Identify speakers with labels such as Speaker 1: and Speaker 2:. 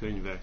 Speaker 1: jegyzőkönyve